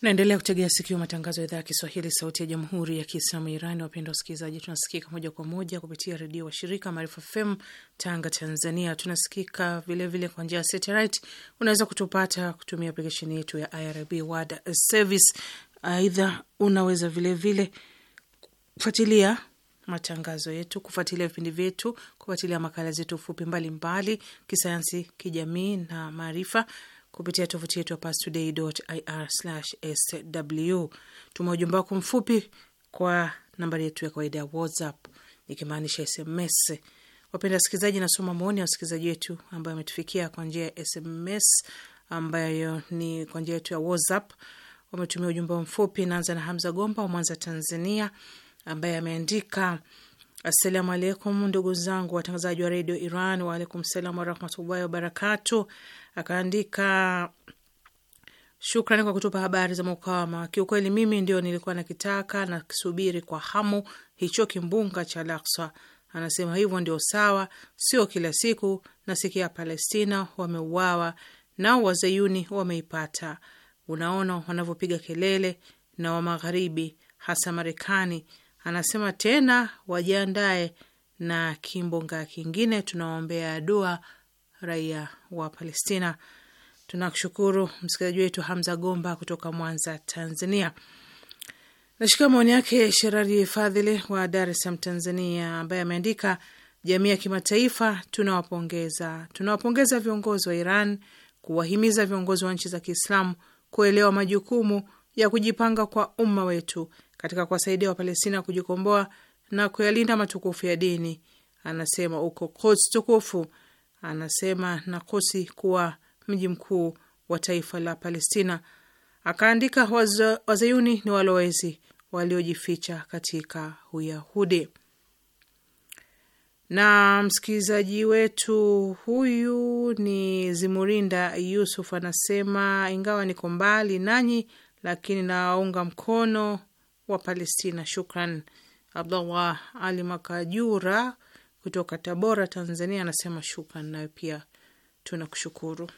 Naendelea kutegea sikio matangazo ya idhaa ya Kiswahili, sauti ya jamhuri ya kiislamu Iran. Wapendwa wasikilizaji, tunasikika moja kwa moja kupitia redio washirika Maarifa FM Tanga, Tanzania. Tunasikika vilevile kwa njia ya satellite. Unaweza kutupata kutumia aplikesheni yetu ya IRIB World Service. Aidha, unaweza vilevile kufuatilia matangazo yetu, kufuatilia vipindi vyetu, kufuatilia makala zetu fupi mbalimbali, kisayansi, kijamii na maarifa kupitia tovuti yetu ya pastoday.ir/sw. Tuma ujumbe wako mfupi kwa nambari yetu ya kawaida ya WhatsApp ikimaanisha SMS. Wapenda wasikilizaji, nasoma maoni ya wasikilizaji wetu ambayo ametufikia kwa njia ya SMS ambayo ni kwa njia yetu ya WhatsApp. Wametumia ujumbe mfupi. Naanza na Hamza Gomba wa Mwanza, Tanzania, ambaye ameandika Assalamu alaikum ndugu zangu watangazaji wa redio Iran. Waalaikum salam warahmatullahi wabarakatu akaandika Shukrani kwa kutupa habari za mukawama. Kiukweli mimi ndio nilikuwa nakitaka na kisubiri kwa hamu hicho kimbunga cha lakswa Anasema hivyo ndio sawa, sio kila siku nasikia Palestina wameuawa, nao wazayuni wameipata. Unaona wanavyopiga kelele na wa Magharibi, hasa Marekani. Anasema tena wajiandae na kimbunga kingine, tunawaombea dua raia wa Palestina. Tunakushukuru msikilizaji wetu Hamza Gomba kutoka Mwanza, Tanzania. Nashika maoni yake Sherari Fadhili wa Dar es Salaam, Tanzania, ambaye ameandika jamii ya kimataifa, tunawapongeza tunawapongeza viongozi wa Iran kuwahimiza viongozi wa nchi za Kiislamu kuelewa majukumu ya kujipanga kwa umma wetu katika kuwasaidia Wapalestina kujikomboa na kuyalinda matukufu ya dini, anasema uko Quds tukufu anasema nakosi kuwa mji mkuu wa taifa la Palestina. Akaandika, wazayuni ni walowezi waliojificha katika Uyahudi. Na msikilizaji wetu huyu ni Zimurinda Yusuf anasema, ingawa niko mbali nanyi, lakini nawaunga mkono wa Palestina. Shukran. Abdullah Ali Makajura kutoka Tabora, Tanzania, anasema shukran. Nayo pia tunakushukuru.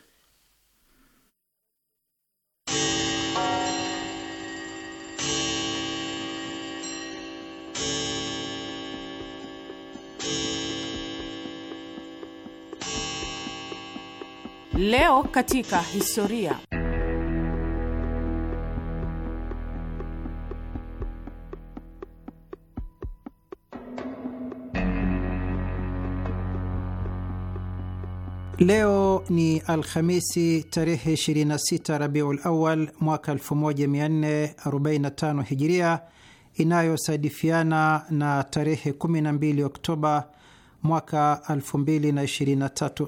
Leo katika historia Leo ni Alhamisi tarehe 26 Rabiul Awal mwaka 1445 Hijiria, inayosadifiana na tarehe 12 Oktoba mwaka 2023.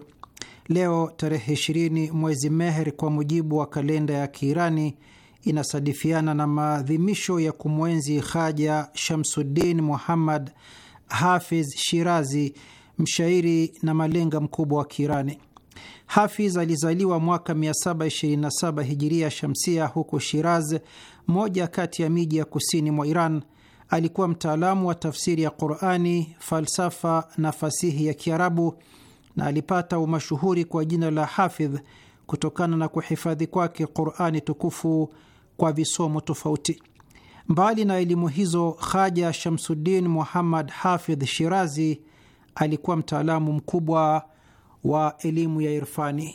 Leo tarehe 20 mwezi Meher kwa mujibu wa kalenda ya Kiirani inasadifiana na maadhimisho ya kumwenzi Haja Shamsuddin Muhammad Hafiz Shirazi, mshairi na malenga mkubwa wa Kiirani. Hafiz alizaliwa mwaka 727 hijiria shamsia huko Shiraz, moja kati ya miji ya kusini mwa Iran. Alikuwa mtaalamu wa tafsiri ya Qurani, falsafa na fasihi ya Kiarabu, na alipata umashuhuri kwa jina la Hafidh kutokana na kuhifadhi kwake Qurani tukufu kwa visomo tofauti. Mbali na elimu hizo, Khaja Shamsuddin Muhammad Hafidh Shirazi alikuwa mtaalamu mkubwa wa elimu ya irfani.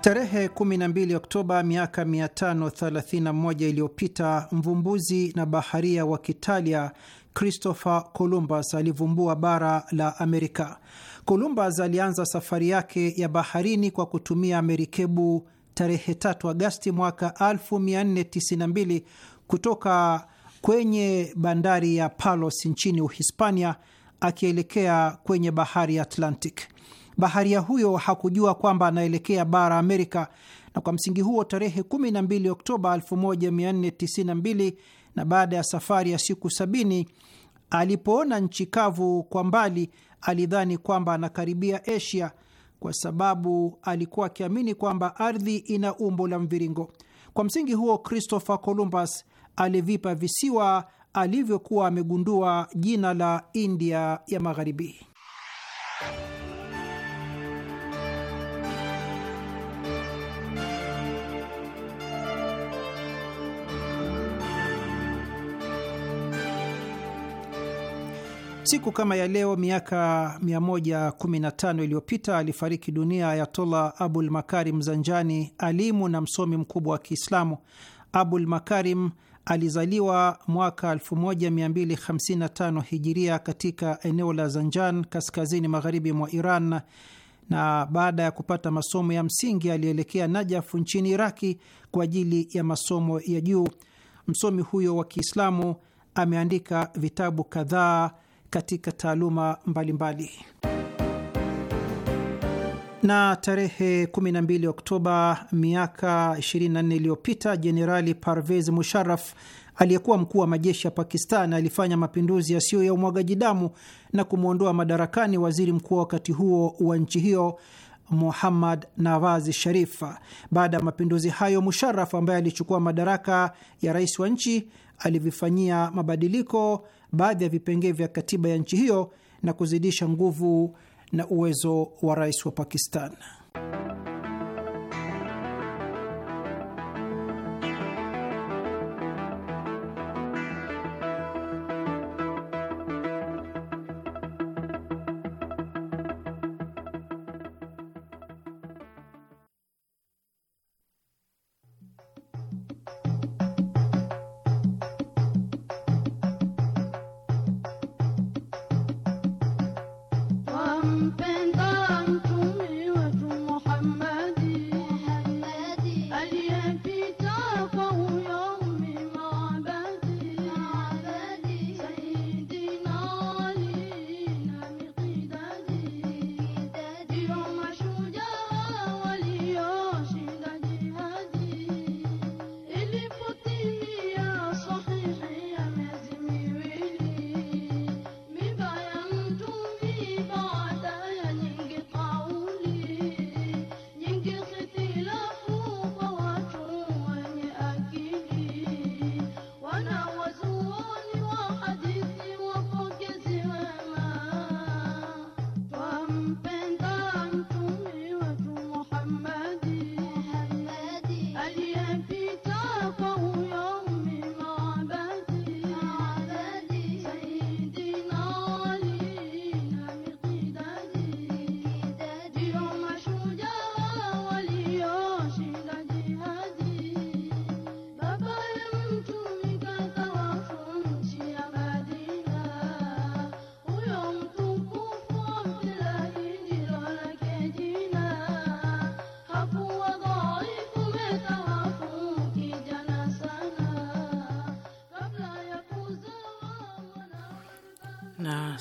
Tarehe 12 Oktoba miaka 531 iliyopita mvumbuzi na baharia wa Kitalia Christopher Columbus alivumbua bara la Amerika. Columbus alianza safari yake ya baharini kwa kutumia merikebu tarehe 3 Agasti mwaka 1492 kutoka kwenye bandari ya Palos nchini Uhispania akielekea kwenye bahari ya Atlantic. Baharia huyo hakujua kwamba anaelekea bara Amerika, na kwa msingi huo tarehe 12 Oktoba 1492 na baada ya safari ya siku sabini alipoona nchi kavu kwa mbali, alidhani kwamba anakaribia Asia kwa sababu alikuwa akiamini kwamba ardhi ina umbo la mviringo. Kwa msingi huo, Christopher Columbus alivipa visiwa alivyokuwa amegundua jina la India ya Magharibi. Siku kama ya leo miaka 115 iliyopita alifariki dunia tola Abul Makarim Zanjani, alimu na msomi mkubwa wa Kiislamu. Abul Makarim alizaliwa mwaka 1255 hijiria katika eneo la Zanjan, kaskazini magharibi mwa Iran, na baada ya kupata masomo ya msingi alielekea Najafu nchini Iraki kwa ajili ya masomo ya juu. Msomi huyo wa Kiislamu ameandika vitabu kadhaa katika taaluma mbalimbali mbali. Na tarehe 12 Oktoba miaka 24 iliyopita Jenerali Parvez Musharraf aliyekuwa mkuu wa majeshi ya Pakistan alifanya mapinduzi yasiyo ya umwagaji damu na kumwondoa madarakani waziri mkuu wa wakati huo wa nchi hiyo Muhammad Nawaz Sharif. Baada ya mapinduzi hayo, Musharraf ambaye alichukua madaraka ya rais wa nchi alivifanyia mabadiliko baadhi ya vipengee vya katiba ya nchi hiyo na kuzidisha nguvu na uwezo wa rais wa Pakistan.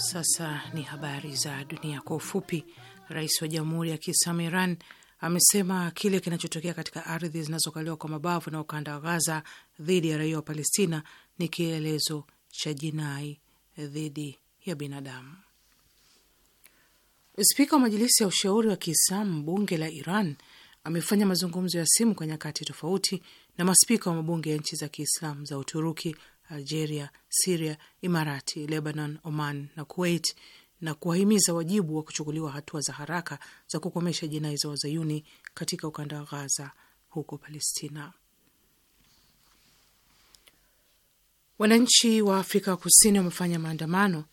Sasa ni habari za dunia kwa ufupi. Rais wa Jamhuri ya Kiislamu Iran amesema kile kinachotokea katika ardhi zinazokaliwa kwa mabavu na ukanda wa Gaza dhidi ya raia wa Palestina ni kielezo cha jinai dhidi ya binadamu. Spika wa Majilisi ya Ushauri wa Kiislamu, bunge la Iran, amefanya mazungumzo ya simu kwa nyakati tofauti na maspika wa mabunge ya nchi za Kiislamu za Uturuki, Algeria, Siria, Imarati, Lebanon, Oman na Kuwait, na kuwahimiza wajibu wa kuchukuliwa hatua za haraka za kukomesha jinai za wazayuni katika ukanda wa Ghaza huko Palestina. Wananchi wa Afrika Kusini wamefanya maandamano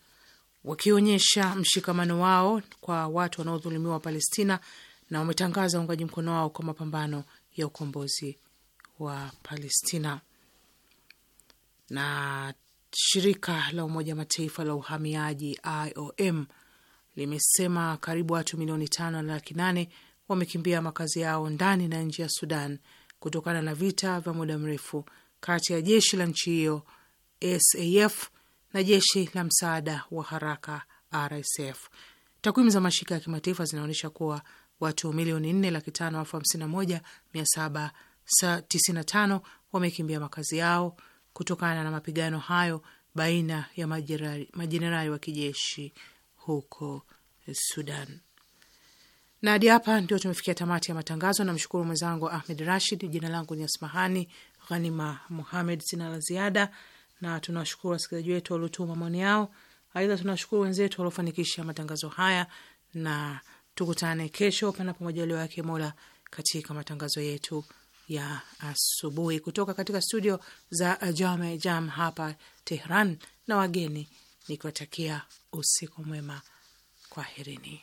wakionyesha mshikamano wao kwa watu wanaodhulumiwa wa Palestina na wametangaza uungaji mkono wao kwa mapambano ya ukombozi wa Palestina. Na shirika la Umoja Mataifa la uhamiaji IOM limesema karibu watu milioni tano na laki nane wamekimbia makazi yao ndani na nje ya Sudan kutokana na vita vya muda mrefu kati ya jeshi la nchi hiyo SAF na jeshi la msaada wa haraka RSF. Takwimu za mashirika ya kimataifa zinaonyesha kuwa watu milioni nne laki tano elfu hamsini na moja mia saba tisini na tano wamekimbia makazi yao kutokana na mapigano hayo baina ya majenerali wa kijeshi huko Sudan. Na hadi hapa ndio tumefikia tamati ya matangazo. Namshukuru mwenzangu Ahmed Rashid. Jina langu ni Asmahani Ghanima Muhamed. Sina la ziada, na tunawashukuru wasikilizaji wetu waliotuma maoni yao. Aidha, tunawashukuru wenzetu waliofanikisha matangazo haya, na tukutane kesho, panapo majaliwa yake Mola, katika matangazo yetu ya asubuhi kutoka katika studio za Jame Jam hapa Tehran, na wageni nikiwatakia usiku mwema, kwaherini.